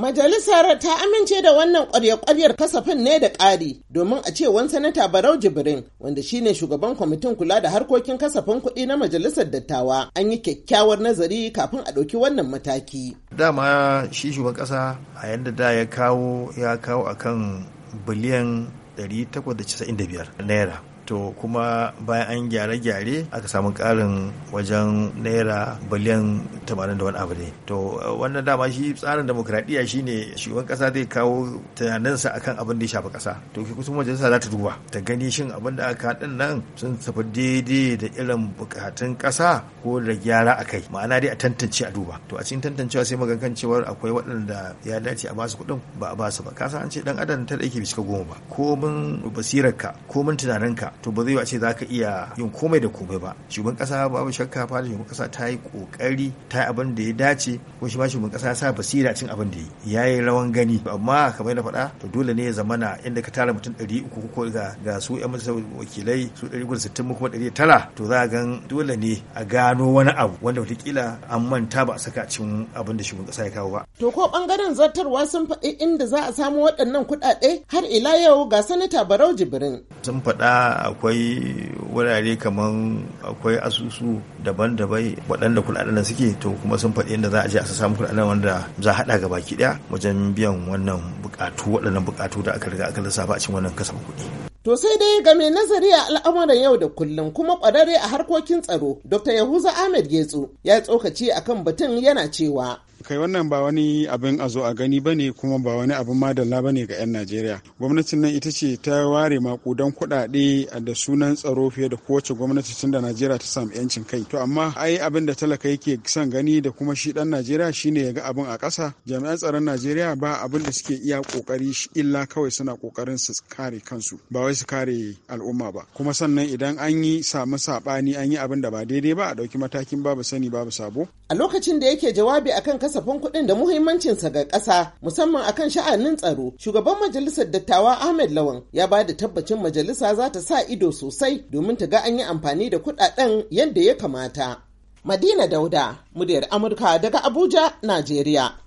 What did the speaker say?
Majalisar ta amince da wannan ƙwarya-ƙwaryar kasafin ne da ƙari domin a ce wani sanata Barau Jibrin wanda shine shugaban kwamitin kula da harkokin kasafin kuɗi na majalisar dattawa an yi kyakkyawar nazari kafin a ɗauki wannan mataki. Dama shi shugaban ƙasa a yadda da ya kawo ya kawo akan biliyan 895 naira to kuma bayan an gyare-gyare aka samu karin wajen naira biliyan 80 da wani abu ne to eh, wannan dama shi tsarin demokradiyya shine shugaban kasa zai kawo tunaninsa akan abin da ya shafi kasa to ke kusan majalisa za ta duba ta gani shin abin da aka haɗin nan sun tafi daidai da irin bukatun kasa ko da gyara a kai ma'ana dai a tantance a duba to a cikin tantancewa sai magankan cewa akwai waɗanda ya dace a basu kuɗin ba a basu ba kasa an ce dan adam ta da yake bai cika goma ba Ko komin basirarka komin tunaninka to ba zai a ce za ka iya yin komai da komai ba shugaban kasa babu shakka fara shugaban kasa ta yi kokari ta yi abin da ya dace ko shi ma shugaban kasa ya sa basira cin abin da ya yi rawan gani amma kamar na faɗa to dole ne ya zamana inda ka tara mutum ɗari uku ko ga ga su yan majalisar wakilai su ɗari uku sittin kuma ɗari tara to za a gan dole ne a gano wani abu wanda wataƙila an manta ba a saka cin abin da shugaban kasa ya kawo ba. to ko bangaren zartarwa sun faɗi inda za a samu waɗannan kuɗaɗe har ila yau ga sanata barau jibrin. sun faɗa akwai wurare kamar akwai asusu daban-daban waɗanda kuɗaɗen da suke to kuma sun faɗi inda za a je a samu kuɗaɗen wanda za a haɗa ga baki ɗaya wajen biyan wannan buƙatu waɗannan buƙatu da aka riga aka lissafa a cikin wannan kasafin kuɗi. To sai dai game nazari a al'amuran yau da kullum kuma ƙwararre a harkokin tsaro Dr. Yahuza Ahmed getso ya tsokaci akan batun yana cewa kai wannan ba wani abin a zo a gani ba ne kuma ba wani abin madalla ba ne ga 'yan najeriya gwamnatin nan ita ce ta ware makudan kuɗaɗe da sunan tsaro fiye da kowace gwamnati tun da najeriya ta samu 'yancin kai to amma ai abin da talaka yake son gani da kuma shi dan najeriya shine ya ga abin a kasa jami'an tsaron najeriya ba abin da suke iya kokari illa kawai suna kokarin su kare kansu ba wai su kare al'umma ba kuma sannan idan an yi samu saɓani an yi abin da ba daidai ba a ɗauki matakin babu sani babu sabo a lokacin da yake jawabi akan kasa kasafin kuɗin da muhimmancinsa ga ƙasa musamman akan sha'anin tsaro shugaban majalisar dattawa ahmed lawan ya ba da tabbacin majalisa za ta sa ido sosai domin ta ga an yi amfani da kuɗaɗen yadda ya kamata madina dauda muryar amurka daga abuja najeriya